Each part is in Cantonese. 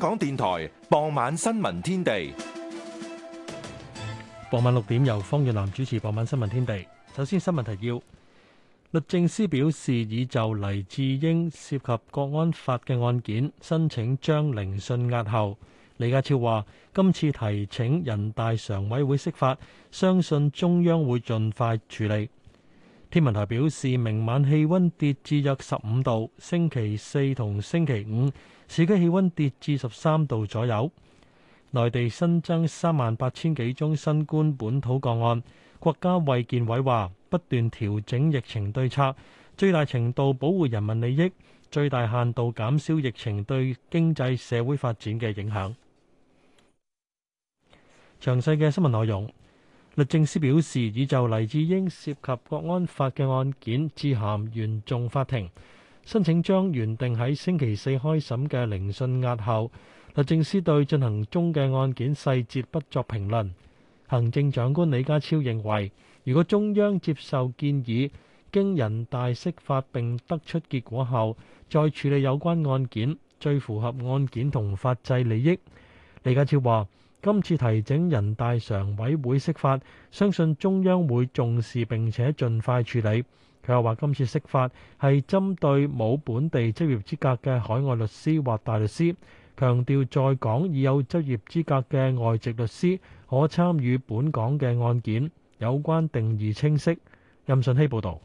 香港電台傍晚新聞天地，傍晚六點由方遠南主持。傍晚新聞天地，首先新聞提要。律政司表示已就黎智英涉及國安法嘅案件申請將聆訊押後。李家超話今次提請人大常委會釋法，相信中央會盡快處理。天文台表示，明晚氣溫跌至約十五度，星期四同星期五市區氣溫跌至十三度左右。內地新增三萬八千幾宗新冠本土個案。國家衛健委話不斷調整疫情對策，最大程度保護人民利益，最大限度減少疫情對經濟社會發展嘅影響。詳細嘅新聞內容。律政司表示，已就黎智英涉及《國安法》嘅案件，致函原訟法庭，申請將原定喺星期四開審嘅聆訊押後，律政司對進行中嘅案件細節不作評論。行政長官李家超認為，如果中央接受建議，經人大釋法並得出結果後，再處理有關案件，最符合案件同法制利益。李家超話。今次提請人大常委會釋法，相信中央會重視並且盡快處理。佢又話今次釋法係針對冇本地執業資格嘅海外律師或大律師，強調在港已有執業資格嘅外籍律師可參與本港嘅案件，有關定義清晰。任順希報道。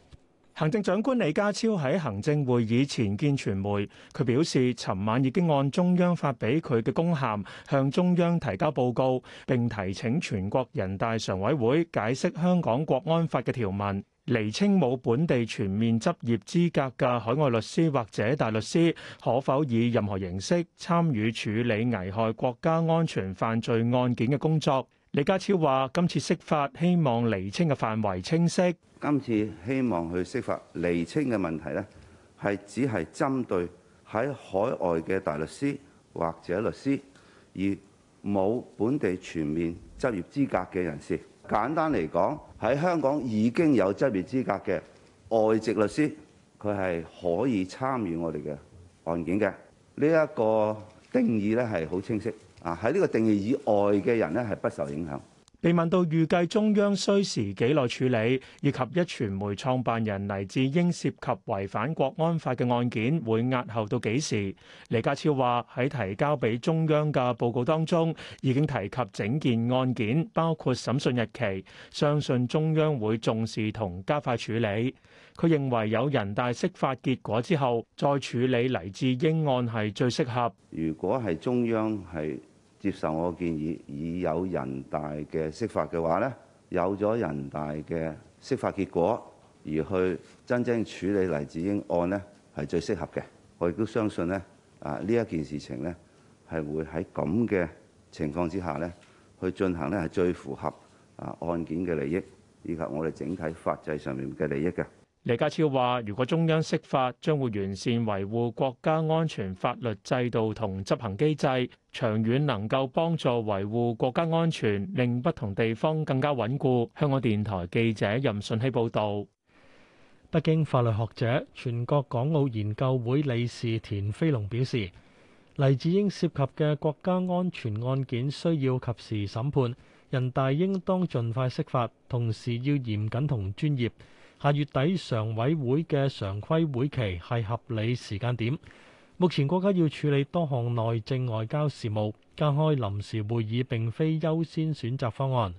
行政長官李家超喺行政會議前見傳媒，佢表示，尋晚已經按中央發俾佢嘅公函，向中央提交報告，並提請全國人大常委會解釋香港國安法嘅條文。厘清冇本地全面執業資格嘅海外律師或者大律師，可否以任何形式參與處理危害國家安全犯罪案件嘅工作？李家超話：今次釋法希望厘清嘅範圍清晰。今次希望去釋法厘清嘅問題呢，係只係針對喺海外嘅大律師或者律師，而冇本地全面執業資格嘅人士。簡單嚟講。喺香港已經有執業資格嘅外籍律師，佢係可以參與我哋嘅案件嘅。呢一個定義咧係好清晰，啊喺呢個定義以外嘅人咧係不受影響。被問到預計中央需時幾耐處理，以及一傳媒創辦人黎智英涉及違反國安法嘅案件會押後到幾時，李家超話喺提交俾中央嘅報告當中已經提及整件案件，包括審訊日期，相信中央會重視同加快處理。佢認為有人大釋法結果之後再處理黎智英案係最適合。如果係中央係，接受我建議，已有人大嘅釋法嘅話呢，有咗人大嘅釋法結果，而去真正處理黎智英案呢，係最適合嘅。我亦都相信呢啊，呢一件事情呢，係會喺咁嘅情況之下呢去進行呢，係最符合啊案件嘅利益，以及我哋整體法制上面嘅利益嘅。李家超話，如果中央釋法，將會完善維護國家安全法律制度同執行機制，長遠能夠幫助維護國家安全，令不同地方更加穩固。香港電台記者任信希報導。北京法律學者、全國港澳研究會理事田飛龍表示，黎智英涉及嘅國家安全案件需要及時審判，人大應當盡快釋法，同時要嚴謹同專業。下月底常委會嘅常規會期係合理時間點，目前國家要處理多項內政外交事務，加開臨時會議並非優先選擇方案。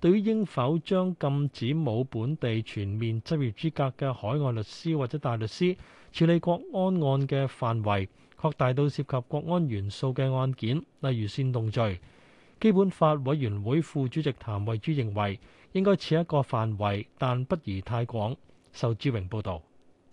對於應否將禁止冇本地全面執業資格嘅海外律師或者大律師處理國安案嘅範圍擴大到涉及國安元素嘅案件，例如煽動罪，基本法委員會副主席譚惠珠認為。應該設一個範圍，但不宜太廣。受志榮報導。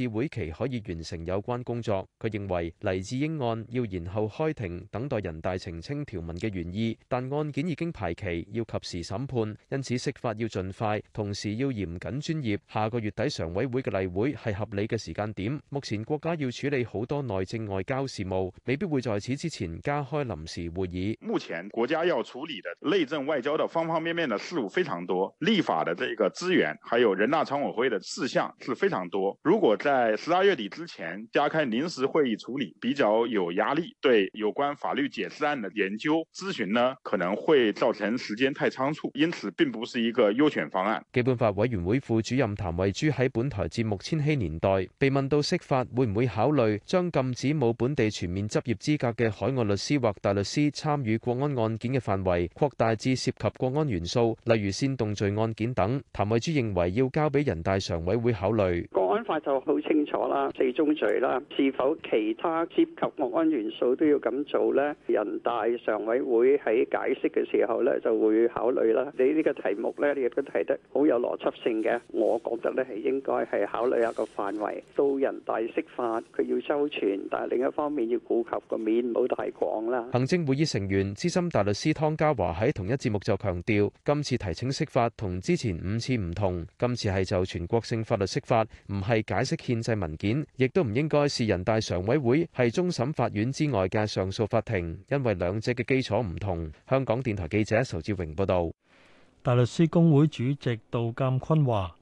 議會期可以完成有關工作，佢認為黎智英案要延後開庭，等待人大澄清條文嘅原意，但案件已經排期，要及時審判，因此釋法要盡快，同時要嚴謹專業。下個月底常委會嘅例會係合理嘅時間點。目前國家要處理好多內政外交事務，未必會在此之前加開臨時會議。目前國家要處理的內政外交的方方面面的事務非常多，立法的這個資源，還有人大常委會的事項是非常多。如果在在十二月底之前加開臨時會議處理比較有壓力，對有關法律解釋案的研究諮詢呢，可能會造成時間太倉促，因此並不是一個優選方案。基本法委員會副主任譚慧珠喺本台節目《千禧年代》被問到釋法會唔會考慮將禁止冇本地全面執業資格嘅海外律師或大律師參與國安案件嘅範圍擴大至涉及國安元素，例如煽動罪案件等，譚慧珠認為要交俾人大常委會考慮。就好清楚啦，四宗罪啦，是否其他涉及國安元素都要咁做咧？人大常委會喺解釋嘅時候咧，就會考慮啦。你呢個題目咧，亦都提得好有邏輯性嘅。我覺得咧，係應該係考慮一個範圍，到人大釋法，佢要周全，但係另一方面要顧及個面，唔好太廣啦。行政會議成員資深大律師湯家驊喺同一節目就強調，今次提請釋法同之前五次唔同，今次係就全國性法律釋法，唔係。解釋憲制文件，亦都唔應該是人大常委會係終審法院之外嘅上訴法庭，因為兩者嘅基礎唔同。香港電台記者仇志榮報道，大律師公會主席杜鑑坤話：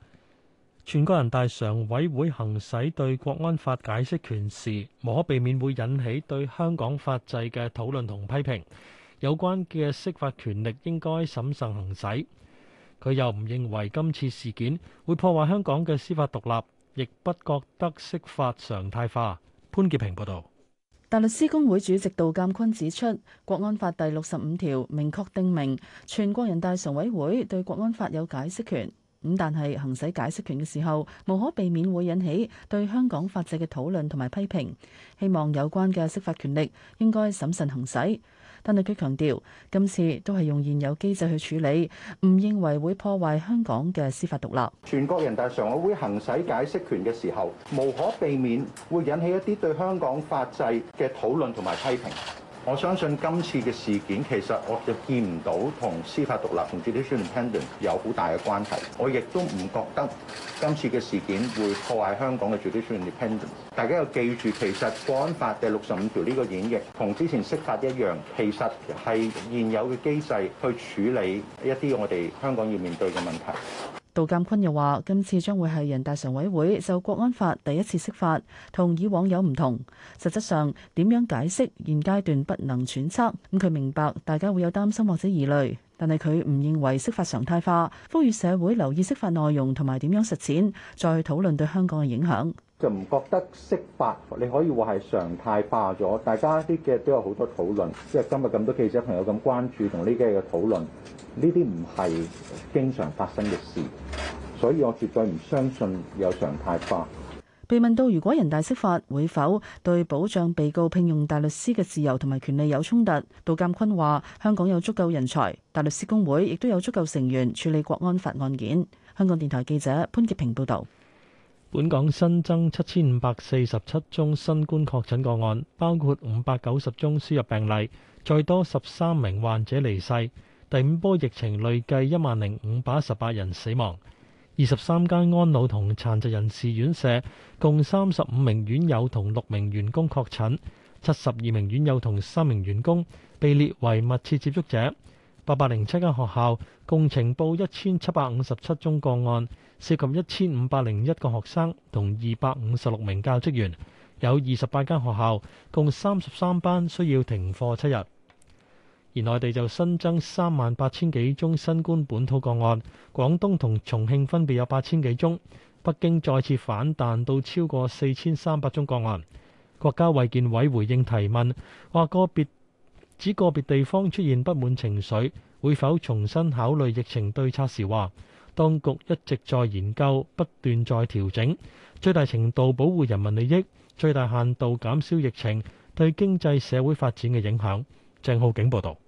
全國人大常委會行使對國安法解釋權時，無可避免會引起對香港法制嘅討論同批評。有關嘅釋法權力應該審慎行使。佢又唔認為今次事件會破壞香港嘅司法獨立。亦不覺得釋法常態化。潘潔平報導。大律師公會主席杜鑑坤指出，《國安法》第六十五條明確定明，全國人大常委會對《國安法》有解釋權。咁但係行使解釋權嘅時候，無可避免會引起對香港法制嘅討論同埋批評。希望有關嘅釋法權力應該審慎行使。但係佢強調，今次都係用現有機制去處理，唔認為會破壞香港嘅司法獨立。全國人大常委會行使解釋權嘅時候，無可避免會引起一啲對香港法制嘅討論同埋批評。我相信今次嘅事件其實我就見唔到同司法獨立同 judicial independence 有好大嘅關係，我亦都唔覺得今次嘅事件會破壞香港嘅 judicial independence。大家要記住，其實《國安法》第六十五條呢個演繹同之前釋法一樣，其實係現有嘅機制去處理一啲我哋香港要面對嘅問題。杜鑑昆又話：今次將會係人大常委會就國安法第一次釋法，同以往有唔同。實質上點樣解釋，現階段不能揣測。咁、嗯、佢明白大家會有擔心或者疑慮，但係佢唔認為釋法常態化，呼籲社會留意釋法內容同埋點樣實踐，再討論對香港嘅影響。就唔覺得釋法，你可以話係常態化咗，大家呢幾日都有好多討論，即係今日咁多記者朋友咁關注同呢幾日嘅討論，呢啲唔係經常發生嘅事，所以我絕對唔相信有常態化。被問到如果人大釋法，會否對保障被告聘用大律師嘅自由同埋權利有衝突？杜鑑坤話香港有足夠人才，大律師公會亦都有足夠成員處理國安法案件。香港電台記者潘潔平報道。本港新增七千五百四十七宗新冠確診個案，包括五百九十宗輸入病例，再多十三名患者離世。第五波疫情累計一萬零五百一十八人死亡。二十三間安老同殘疾人士院舍共三十五名院友同六名員工確診，七十二名院友同三名員工被列為密切接觸者。八百零七間學校共呈報一千七百五十七宗個案。涉及一千五百零一個學生同二百五十六名教職員，有二十八間學校，共三十三班需要停課七日。而內地就新增三萬八千幾宗新冠本土個案，廣東同重慶分別有八千幾宗，北京再次反彈到超過四千三百宗個案。國家衛健委回應提問，話個別指個別地方出現不滿情緒，會否重新考慮疫情對策時話，當局一直在研究，不斷在調整，最大程度保護人民利益，最大限度減少疫情對經濟社會發展嘅影響。鄭浩景報道。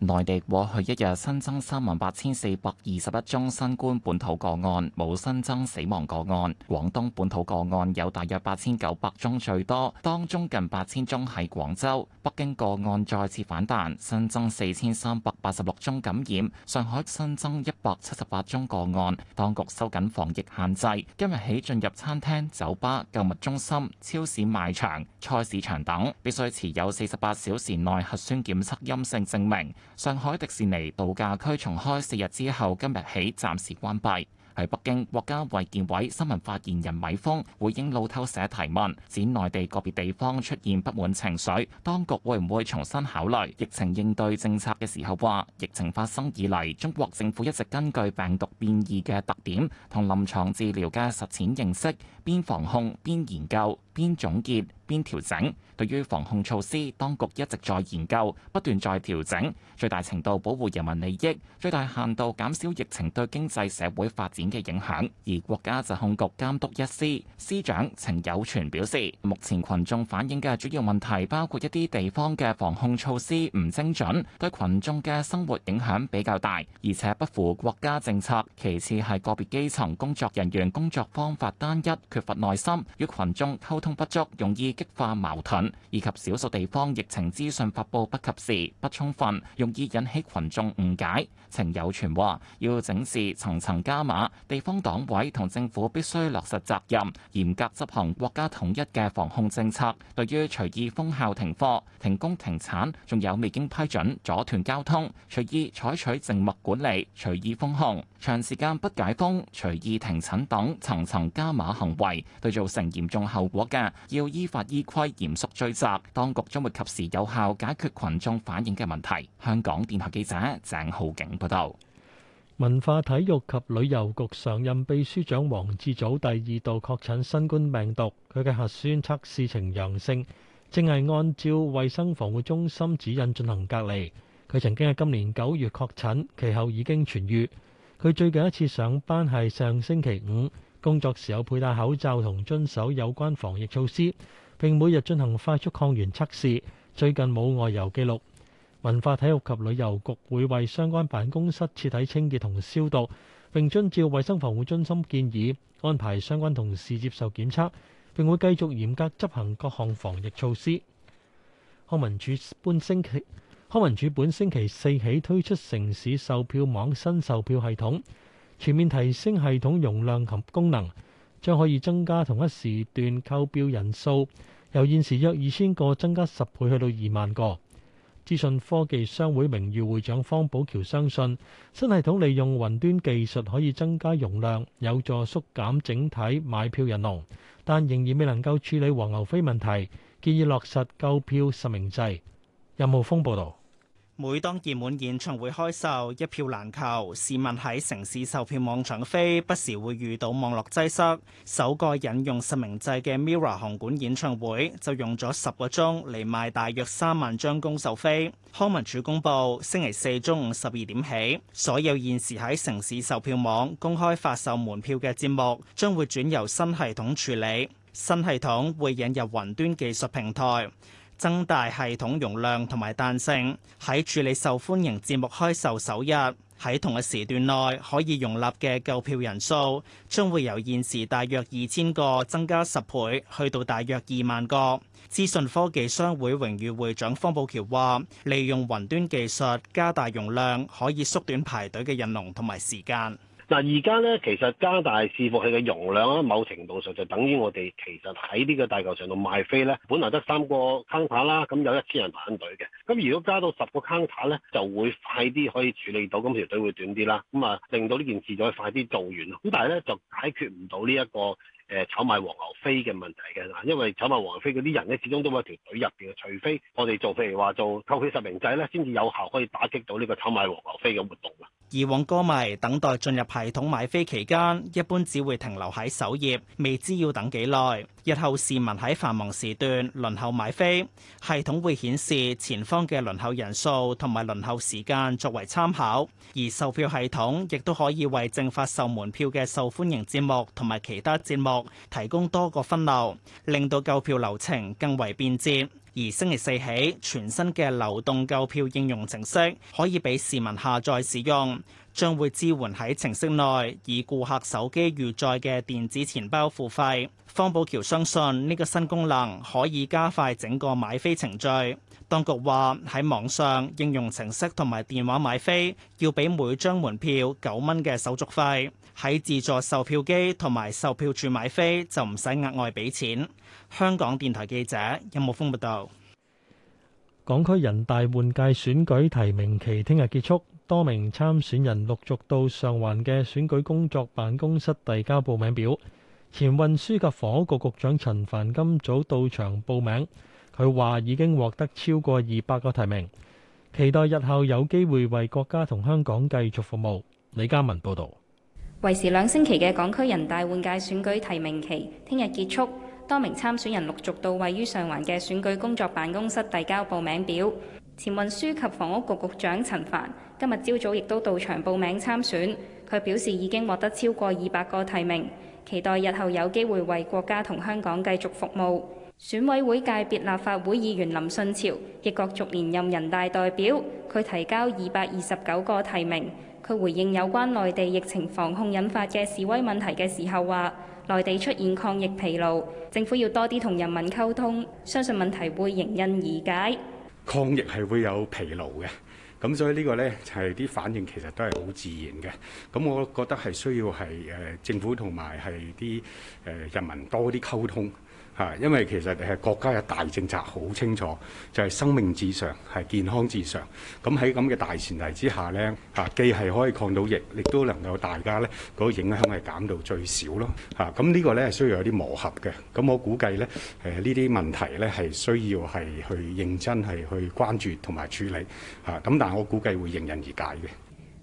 內地過去一日新增三萬八千四百二十一宗新冠本土個案，冇新增死亡個案。廣東本土個案有大約八千九百宗最多，當中近八千宗喺廣州。北京個案再次反彈，新增四千三百八十六宗感染。上海新增一百七十八宗個案。當局收緊防疫限制，今日起進入餐廳、酒吧、購物中心、超市賣場、菜市場等，必須持有四十八小時內核酸檢測陰性證明。上海迪士尼度假區重開四日之後，今日起暫時關閉。喺北京，國家衛健委新聞發言人米峰回應路透社提問，指內地個別地方出現不滿情緒，當局會唔會重新考慮疫情應對政策嘅時候，話疫情發生以嚟，中國政府一直根據病毒變異嘅特點同臨床治療嘅實踐認識，邊防控邊研究，邊總結邊調整，對於防控措施，當局一直在研究，不斷在調整，最大程度保護人民利益，最大限度減少疫情對經濟社會發展嘅影響。而國家疾控局監督一司司長程有全表示，目前群眾反映嘅主要問題包括一啲地方嘅防控措施唔精準，對群眾嘅生活影響比較大，而且不符國家政策。其次係個別基層工作人員工作方法單一，缺乏耐心，與群眾溝通不足容易激化矛盾，以及少數地方疫情資訊發佈不及時、不充分，容易引起群眾誤解。程有全話：要整治層層加碼，地方黨委同政府必須落實責任，嚴格執行國家統一嘅防控政策。對於隨意封校停課、停工停產，仲有未經批准阻斷交通、隨意採取靜默管理、隨意封控、長時間不解封、隨意停診等層層加碼行為，對造成嚴重後果嘅，要依法依規嚴肅追責，當局將會及時有效解決群眾反映嘅問題。香港電台記者鄭浩景報道。文化體育及旅遊局常任秘書長黃智祖第二度確診新冠病毒，佢嘅核酸測試呈陽性，正係按照衛生防護中心指引進行隔離。佢曾經喺今年九月確診，其後已經痊愈。佢最近一次上班係上星期五。工作時有佩戴口罩同遵守有關防疫措施，並每日進行快速抗原測試。最近冇外遊記錄。文化體育及旅遊局會為相關辦公室徹底清潔同消毒，並遵照衛生防護中心建議安排相關同事接受檢測，並會繼續嚴格執行各項防疫措施。康文署本星期康文署本星期四起推出城市售票網新售票系統。全面提升系統容量及功能，將可以增加同一時段購票人數，由現時約二千個增加十倍去到二萬個。資訊科技商會名譽會長方寶橋相信，新系統利用雲端技術可以增加容量，有助縮減整體買票人龍，但仍然未能夠處理黃牛飛問題，建議落實購票實名制。任浩峯報道。每當熱門演唱會開售，一票難求。市民喺城市售票網搶飛，不時會遇到網絡擠塞。首個引用實名制嘅 MIRROR 紅館演唱會，就用咗十個鐘嚟賣大約三萬張公售飛。康文署公佈，星期四中午十二點起，所有現時喺城市售票網公開發售門票嘅節目，將會轉由新系統處理。新系統會引入雲端技術平台，增大系統容量同埋彈性，喺處理受歡迎節目開售首日，喺同一時段內可以容納嘅購票人數將會由現時大約二千個增加十倍，去到大約二萬個。資訊科技商會榮譽會長方寶橋話，利用雲端技術加大容量，可以縮短排隊嘅人龍同埋時間。嗱而家咧，其實加大伺服器嘅容量咧，某程度上就等於我哋其實喺呢個大球場度賣飛咧，本來得三個 counter 啦，咁有一千人排緊隊嘅。咁如果加到十個 counter 咧，就會快啲可以處理到，咁條隊會短啲啦。咁啊，令到呢件事就可以快啲做完。咁但係咧，就解決唔到呢一個誒、呃、炒賣黃牛飛嘅問題嘅嗱，因為炒賣黃牛飛嗰啲人咧，始終都喺條隊入邊嘅，除非我哋做譬如話做購票實名制咧，先至有效可以打擊到呢個炒賣黃牛飛嘅活動。以往歌迷等待進入系統買飛期間，一般只會停留喺首頁，未知要等幾耐。日後市民喺繁忙時段輪候買飛，系統會顯示前方嘅輪候人數同埋輪候時間作為參考。而售票系統亦都可以為正發售門票嘅受歡迎節目同埋其他節目提供多個分流，令到購票流程更為便捷。而星期四起，全新嘅流動購票應用程式可以俾市民下載使用。將會支援喺程式內以顧客手機預載嘅電子錢包付費。方寶橋相信呢個新功能可以加快整個買飛程序。當局話喺網上應用程式同埋電話買飛要俾每張門票九蚊嘅手續費，喺自助售票機同埋售票處買飛就唔使額外俾錢。香港電台記者任慕風報道。港區人大換屆選舉提名期聽日結束，多名參選人陸續到上環嘅選舉工作辦公室遞交報名表。前運輸及房屋局局長陳帆今早到場報名，佢話已經獲得超過二百個提名，期待日後有機會為國家同香港繼續服務。李嘉文報導。為時兩星期嘅港區人大換屆選舉提名期聽日結束。多名參選人陸續到位於上環嘅選舉工作辦公室遞交報名表。前運輸及房屋局局長陳帆今日朝早亦都到場報名參選，佢表示已經獲得超過二百個提名，期待日後有機會為國家同香港繼續服務。選委會界別立法會議員林順潮亦角逐連任人大代表，佢提交二百二十九個提名。佢回應有關內地疫情防控引發嘅示威問題嘅時候話。內地出現抗疫疲勞，政府要多啲同人民溝通，相信問題會迎刃而解。抗疫係會有疲勞嘅，咁所以呢個呢就係啲反應，其實都係好自然嘅。咁我覺得係需要係誒政府同埋係啲誒人民多啲溝通。啊，因為其實係國家嘅大政策好清楚，就係、係、生命至上，係健康至上。咁喺咁嘅大前提之下呢啊，既係可以抗到疫，亦都能夠大家呢個影響係減到最少咯。嚇，咁呢個咧係需要有啲磨合嘅。咁我估計咧，誒呢啲問題呢係需要係去認真係去關注同埋處理。嚇、啊，咁但我估計會迎刃而解嘅。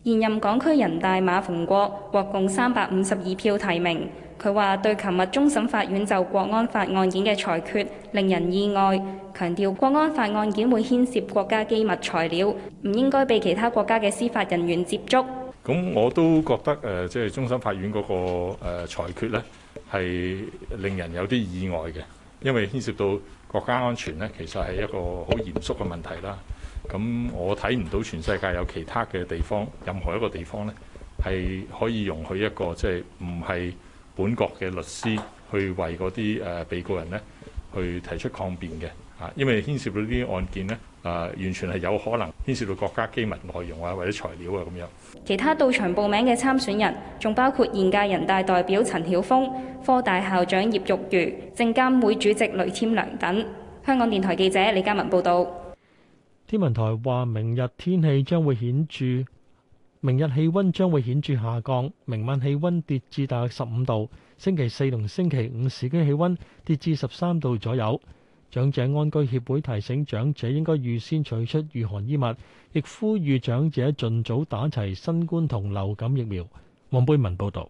現任港區人大馬逢國獲共三百五十二票提名，佢話對琴日終審法院就國安法案件嘅裁決令人意外，強調國安法案件會牽涉國家機密材料，唔應該被其他國家嘅司法人員接觸。咁我都覺得誒，即、呃、係、就是、終審法院嗰、那個、呃、裁決呢，係令人有啲意外嘅，因為牽涉到國家安全呢，其實係一個好嚴肅嘅問題啦。咁、嗯、我睇唔到全世界有其他嘅地方，任何一個地方咧，係可以容許一個即係唔係本國嘅律師去為嗰啲誒被告人咧去提出抗辯嘅啊，因為牽涉到呢啲案件咧誒、啊、完全係有可能牽涉到國家機密內容啊，或者材料啊咁樣。其他到場報名嘅參選人，仲包括現屆人大代表陳曉峰、科大校長葉玉如、證監會主席雷添良等。香港電台記者李嘉文報道。天文台話，明日天氣將會顯著，明日氣温將會顯著下降。明晚氣温跌至大約十五度，星期四同星期五市區氣温跌至十三度左右。長者安居協會提醒長者應該預先取出御寒衣物，亦呼籲長者盡早打齊新冠同流感疫苗。黃貝文報導。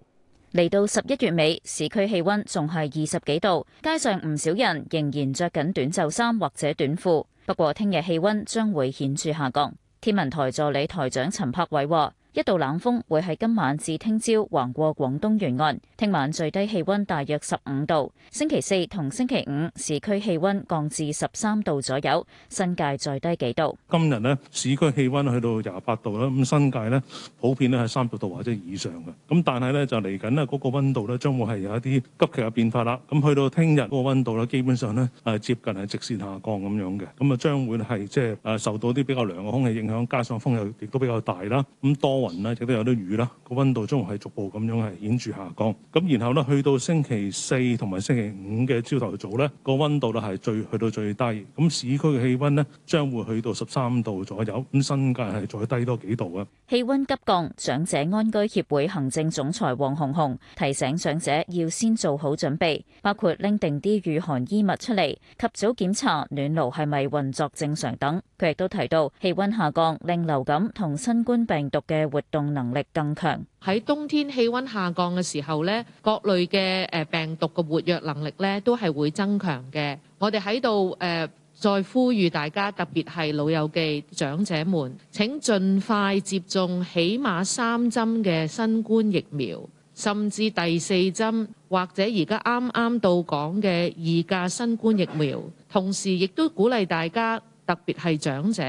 嚟到十一月尾，市區氣温仲係二十幾度，街上唔少人仍然着緊短袖衫或者短褲。不過，聽日氣温將會顯著下降。天文台助理台長陳柏偉話，哦。一道冷風會喺今晚至聽朝橫過廣東沿岸，聽晚最低氣温大約十五度，星期四同星期五市區氣温降至十三度左右，新界再低幾度。今日咧，市區氣温去到廿八度啦，咁新界咧普遍咧喺三十度或者以上嘅，咁但係咧就嚟緊咧嗰個温度咧將會係有一啲急劇嘅變化啦。咁去到聽日嗰個温度咧基本上咧係接近係直線下降咁樣嘅，咁啊將會係即係誒受到啲比較涼嘅空氣影響，加上風又亦都比較大啦，咁當雲啦，亦都有啲雨啦，個温度中係逐步咁樣係顯著下降。咁然後咧，去到星期四同埋星期五嘅朝頭早咧，個温度咧係最去到最低。咁市區嘅氣温咧將會去到十三度左右。咁新界係再低多幾度啊。氣温急降，長者安居協會行政總裁黃紅紅提醒長者要先做好準備，包括拎定啲御寒衣物出嚟，及早檢查暖爐係咪運作正常等。佢亦都提到，氣温下降令流感同新冠病毒嘅活動能力更強。喺冬天氣温下降嘅時候咧，各類嘅誒病毒嘅活躍能力咧都係會增強嘅。我哋喺度誒再呼籲大家，特別係老友記長者們，請盡快接種起碼三針嘅新冠疫苗，甚至第四針或者而家啱啱到港嘅二價新冠疫苗。同時，亦都鼓勵大家。特別係長者，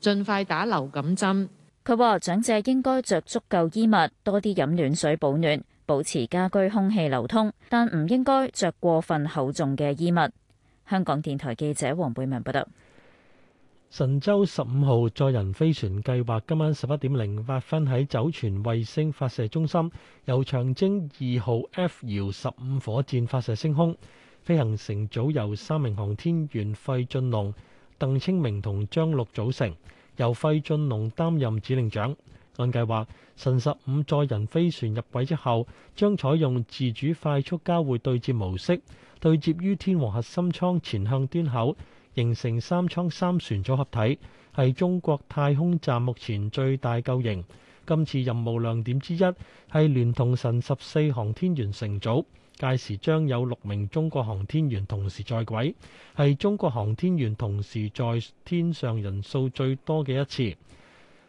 盡快打流感針。佢話：長者應該着足夠衣物，多啲飲暖水保暖，保持家居空氣流通，但唔應該着過分厚重嘅衣物。香港電台記者黃貝明報道。神舟十五號載人飛船計劃今晚十一點零八分喺酒泉衛星發射中心由長征二號 F 遙十五火箭發射升空，飛行乘組由三名航天員費俊龍。鄧清明同張陸組成，由費俊龍擔任指令長。按計劃，神十五載人飛船入軌之後，將採用自主快速交會對接模式，對接於天和核心艙前向端口，形成三艙三船組合體，係中國太空站目前最大構型。今次任務亮點之一，係聯同神十四航天員乘組。屆時將有六名中國航天員同時在軌，係中國航天員同時在天上人數最多嘅一次。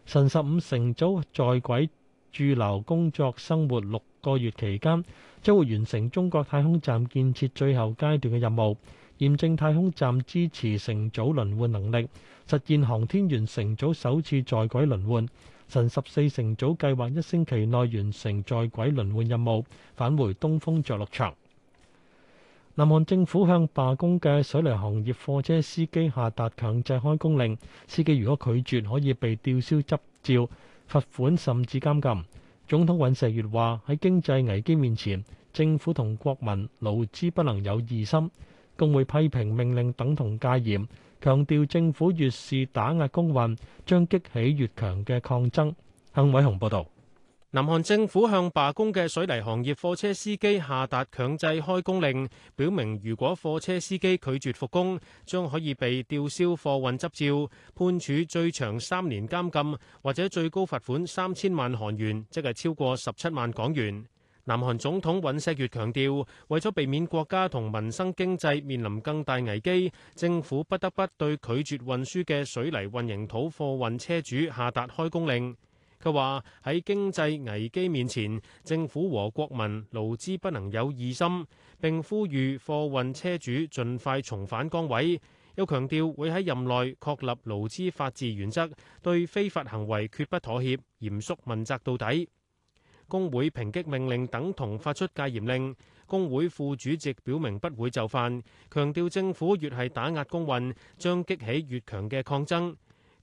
神十五乘組在軌駐留工作生活六個月期間，將會完成中國太空站建設最後階段嘅任務，驗證太空站支持乘組輪換能力，實現航天員乘組首次在軌輪換。神十四乘組計劃一星期內完成在軌輪換任務，返回東風着陸場。南韓政府向罷工嘅水泥行業貨車司機下達強制開工令，司機如果拒絕，可以被吊銷執照、罰款甚至監禁。總統尹錫悦話：喺經濟危機面前，政府同國民勞資不能有疑心，更會批評命令等同戒嚴。強調政府越是打壓工運，將激起越強嘅抗爭。幸偉雄報道。南韓政府向罷工嘅水泥行業貨車司機下達強制開工令，表明如果貨車司機拒絕復工，將可以被吊銷貨運執照，判處最長三年監禁，或者最高罰款三千萬韓元，即係超過十七萬港元。南韓總統尹錫悅強調，為咗避免國家同民生經濟面臨更大危機，政府不得不對拒絕運輸嘅水泥運營土貨運車主下達開工令。佢話喺經濟危機面前，政府和國民勞資不能有異心，並呼籲貨運車主盡快重返崗位。又強調會喺任內確立勞資法治原則，對非法行為決不妥協，嚴肅問責到底。工會抨擊命令等同發出戒嚴令，工會副主席表明不會就範，強調政府越係打壓工運，將激起越強嘅抗爭。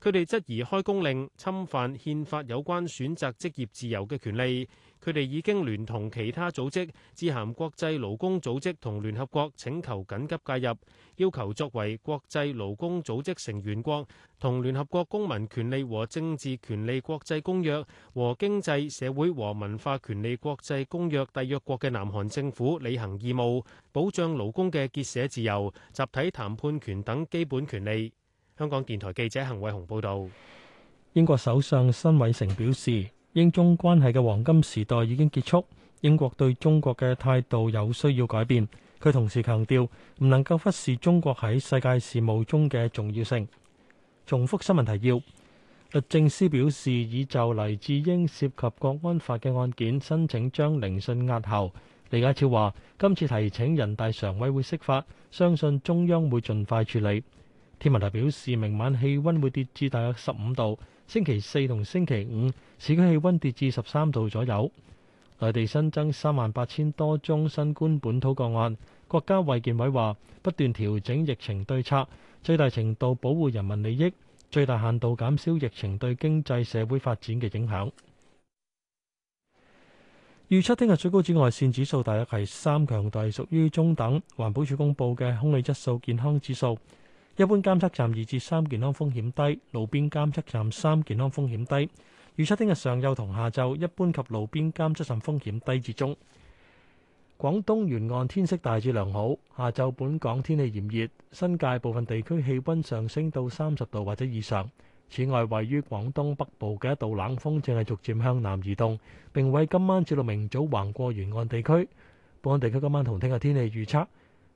佢哋質疑開工令侵犯憲法有關選擇職業自由嘅權利。佢哋已經聯同其他組織，致函國際勞工組織同聯合國，請求緊急介入，要求作為國際勞工組織成員國同聯合國公民權利和政治權利國際公約和經濟社會和文化權利國際公約締約國嘅南韓政府履行義務，保障勞工嘅結社自由、集體談判權等基本權利。香港電台記者恆偉雄報道，英國首相辛偉誠表示，英中關係嘅黃金時代已經結束，英國對中國嘅態度有需要改變。佢同時強調，唔能夠忽視中國喺世界事務中嘅重要性。重複新聞提要，律政司表示已就黎智英涉及國安法嘅案件申請將聆訊押後。李家超話，今次提請人大常委會釋法，相信中央會盡快處理。天文台表示，明晚氣溫會跌至大約十五度。星期四同星期五，市區氣溫跌至十三度左右。內地新增三萬八千多宗新冠本土個案。國家衛健委話不斷調整疫情對策，最大程度保護人民利益，最大限度減少疫情對經濟社會發展嘅影響。預測聽日最高紫外線指數大約係三強度，屬於中等。環保署公布嘅空氣質素健康指數。一般監測站二至三，健康風險低，路邊監測站三，健康風險低。預測聽日上晝同下晝一般及路邊監測站風險低至中。廣東沿岸天色大致良好，下晝本港天氣炎熱，新界部分地區氣温上升到三十度或者以上。此外，位於廣東北部嘅一道冷鋒正係逐漸向南移動，並為今晚至到明早橫過沿岸地區。本港地區今晚同聽日天氣預測。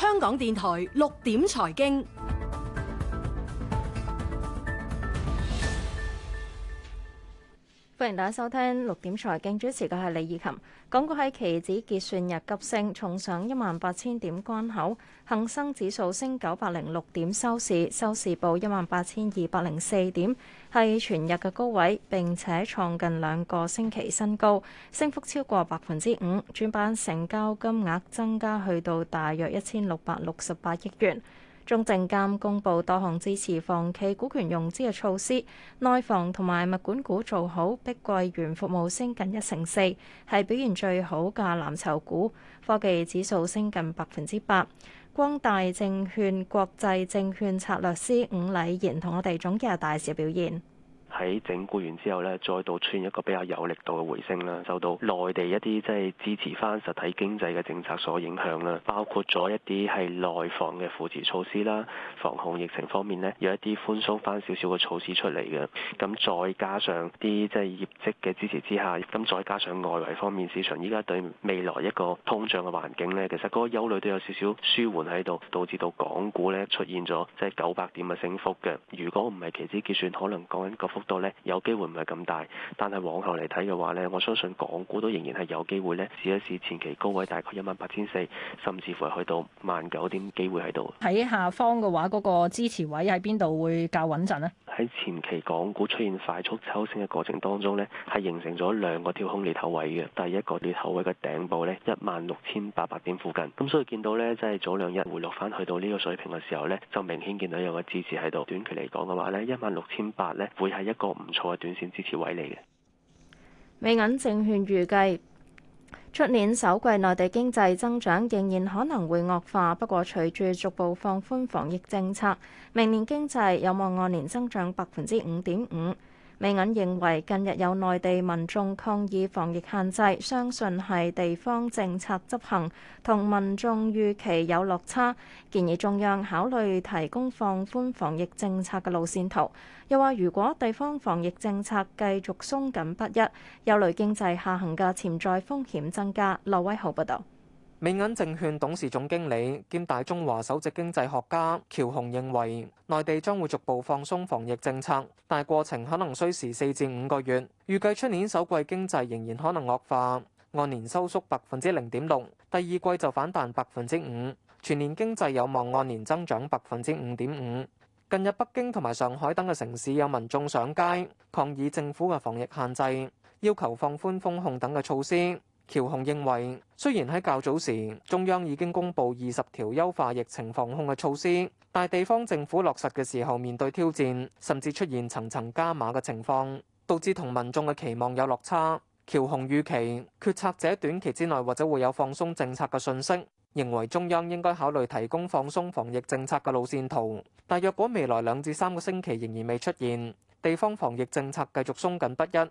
香港電台六點財經。歡迎大家收聽六點財經，主持嘅係李以琴。港股喺期指結算日急升，重上一萬八千點關口。恒生指數升九百零六點收，收市收市報一萬八千二百零四點，係全日嘅高位，並且創近兩個星期新高，升幅超過百分之五。主板成交金額增加去到大約一千六百六十八億元。中證監公布多項支持房企股權融資嘅措施，內房同埋物管股做好，碧桂園服務升近一成四，係表現最好嘅藍籌股。科技指數升近百分之八。光大證券、國際證券策略師伍禮賢同我哋總結下大市表現。喺整固完之後呢，再度出現一個比較有力度嘅回升啦，受到內地一啲即係支持翻實體經濟嘅政策所影響啦，包括咗一啲係內房嘅扶持措施啦，防控疫情方面呢，有一啲寬鬆翻少少嘅措施出嚟嘅，咁再加上啲即係業績嘅支持之下，咁再加上外圍方面市場依家對未來一個通脹嘅環境呢，其實嗰個憂慮都有少少舒緩喺度，導致到港股呢出現咗即係九百點嘅升幅嘅。如果唔係期指結算，可能講緊個到呢有機會唔係咁大，但係往後嚟睇嘅話呢，我相信港股都仍然係有機會呢試一試前期高位大概一萬八千四，甚至乎係去到萬九點機會喺度。喺下方嘅話，嗰個支持位喺邊度會較穩陣呢？喺前期港股出現快速抽升嘅過程當中呢係形成咗兩個跳空裂口位嘅。第一個裂口位嘅頂部呢一萬六千八百點附近。咁所以見到呢，即係早兩日回落翻去到呢個水平嘅時候呢就明顯見到有個支持喺度。短期嚟講嘅話呢一萬六千八呢會係一個唔錯嘅短線支持位嚟嘅。美銀證券預計，出年首季內地經濟增長仍然可能會惡化，不過隨住逐步放寬防疫政策，明年經濟有望按年增長百分之五點五。美銀認為近日有內地民眾抗議防疫限制，相信係地方政策執行同民眾預期有落差，建議中央考慮提供放寬防疫政策嘅路線圖。又話如果地方防疫政策繼續鬆緊不一，有累經濟下行嘅潛在風險增加。劉威豪報道。美銀證券董事總經理兼大中華首席經濟學家喬虹認為，內地將會逐步放鬆防疫政策，但過程可能需時四至五個月。預計出年首季經濟仍然可能惡化，按年收縮百分之零點六，第二季就反彈百分之五，全年經濟有望按年增長百分之五點五。近日，北京同埋上海等嘅城市有民眾上街抗議政府嘅防疫限制，要求放寬封控等嘅措施。喬雄認為，雖然喺較早時中央已經公布二十條優化疫情防控嘅措施，但地方政府落實嘅時候面對挑戰，甚至出現層層加碼嘅情況，導致同民眾嘅期望有落差。喬雄預期決策者短期之內或者會有放鬆政策嘅訊息，認為中央應該考慮提供放鬆防疫政策嘅路線圖。但若果未來兩至三個星期仍然未出現，地方防疫政策繼續鬆緊不一。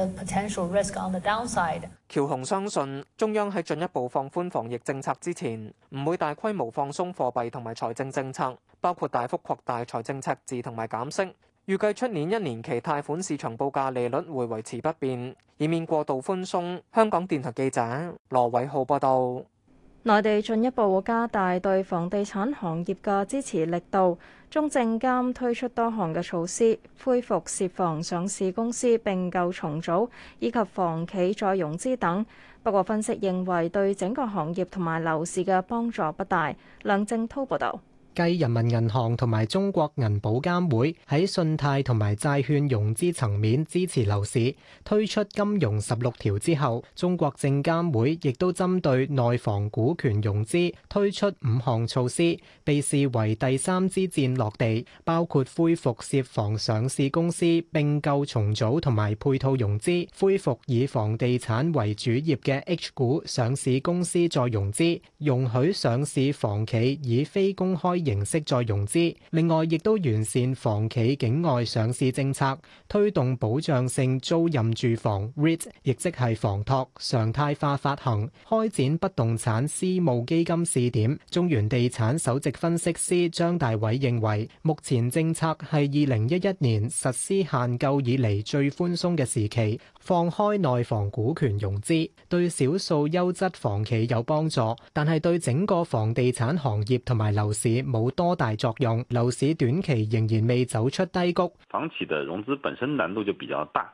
喬雄相信，中央喺進一步放寬防疫政策之前，唔會大規模放鬆貨幣同埋財政政策，包括大幅擴大財政赤字同埋減息。預計出年一年期貸款市場報價利率會維持不變，以免過度寬鬆。香港電台記者羅偉浩報道。內地進一步加大對房地產行業嘅支持力度，中證監推出多項嘅措施，恢復涉房上市公司並購重組，以及房企再融資等。不過，分析認為對整個行業同埋樓市嘅幫助不大。梁正滔報導。繼人民銀行同埋中國銀保監會喺信貸同埋債券融資層面支持樓市推出金融十六條之後，中國證監會亦都針對內房股權融資推出五項措施，被視為第三支箭落地，包括恢復涉房上市公司併購重組同埋配套融資，恢復以房地產為主業嘅 H 股上市公司再融資，容許上市房企以非公開形式再融資，另外亦都完善房企境外上市政策，推動保障性租賃住房 REITs 亦即係房託常態化發行，開展不動產私募基金試點。中原地產首席分析師張大偉認為，目前政策係二零一一年實施限購以嚟最寬鬆嘅時期。放開內房股權融資，對少數優質房企有幫助，但係對整個房地產行業同埋樓市冇多大作用。樓市短期仍然未走出低谷，房企的融資本身難度就比較大。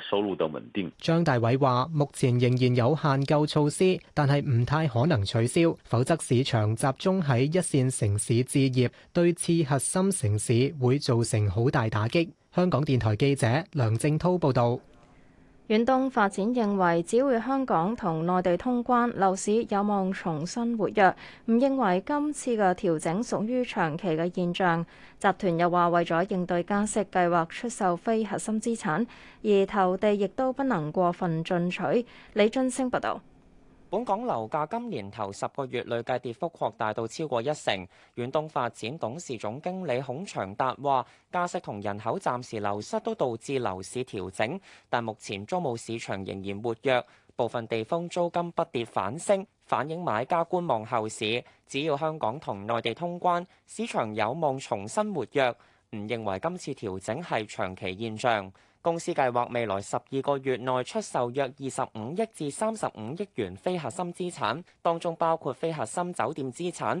收入都穩定。張大偉話，目前仍然有限購措施，但係唔太可能取消，否則市場集中喺一線城市置業，對次核心城市會造成好大打擊，香港電台記者梁正濤報道。遠東發展認為只會香港同內地通關，樓市有望重新活躍。唔認為今次嘅調整屬於長期嘅現象。集團又話為咗應對加息，計劃出售非核心資產，而投地亦都不能過分進取。李俊升報道。本港樓價今年頭十個月累計跌幅擴大到超過一成，遠東發展董事總經理孔祥達話：加息同人口暫時流失都導致樓市調整，但目前租務市場仍然活躍，部分地方租金不跌反升，反映買家觀望後市。只要香港同內地通關，市場有望重新活躍。唔認為今次調整係長期現象。公司計劃未來十二個月內出售約二十五億至三十五億元非核心資產，當中包括非核心酒店資產。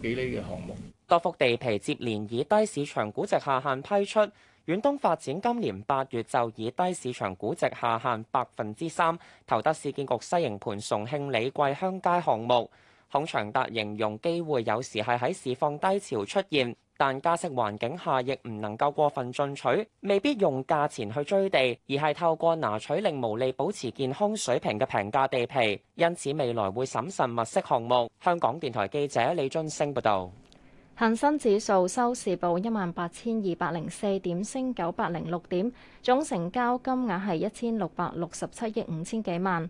幾多幅地皮接連以低市場估值下限批出。遠東發展今年八月就以低市場估值下限百分之三投得市建局西營盤崇慶里桂香街項目。孔祥達形容機會有時係喺市況低潮出現。但加息環境下，亦唔能夠過分進取，未必用價錢去追地，而係透過拿取令毛利保持健康水平嘅平價地皮。因此未來會審慎物色項目。香港電台記者李津升報道。恒生指數收市報一萬八千二百零四點，升九百零六點，總成交金額係一千六百六十七億五千幾萬。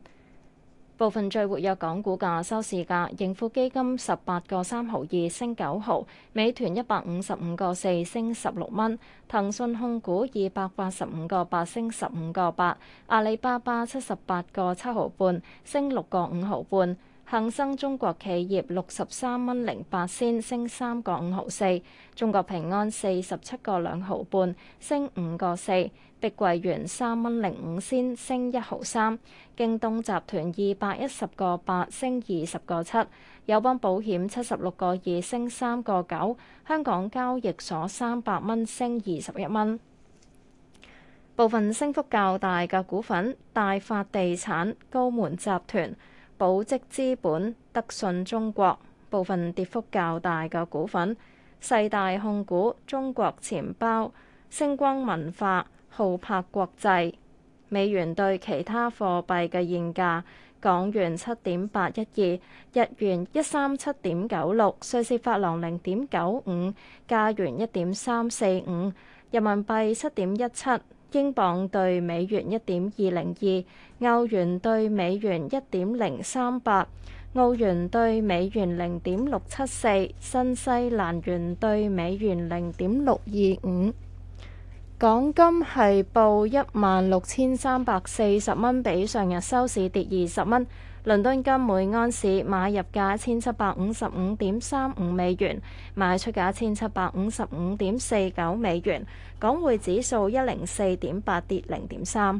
部分最活躍港股價收市價，盈富基金十八個三毫二升九毫，美團一百五十五個四升十六蚊，騰訊控股二百八十五個八升十五個八，阿里巴巴七十八個七毫半升六個五毫半。恒生中國企業六十三蚊零八仙升三個五毫四，中國平安四十七個兩毫半升五個四，碧桂園三蚊零五仙升一毫三，京東集團二百一十個八升二十個七，友邦保險七十六個二升三個九，香港交易所三百蚊升二十一蚊。部分升幅較大嘅股份：大發地產、高門集團。保值資本、德信中國。部分跌幅較大嘅股份，世大控股、中國錢包、星光文化、浩柏國際。美元對其他貨幣嘅現價：港元七點八一二，日元一三七點九六，瑞士法郎零點九五，加元一點三四五，人民幣七點一七。英鎊兌美元一點二零二，歐元兌美元一點零三八，澳元兌美元零點六七四，新西蘭元兌美元零點六二五。港金係報一萬六千三百四十蚊，比上日收市跌二十蚊。倫敦金每安士買入價一千七百五十五點三五美元，賣出價一千七百五十五點四九美元。港匯指數一零四點八，跌零點三。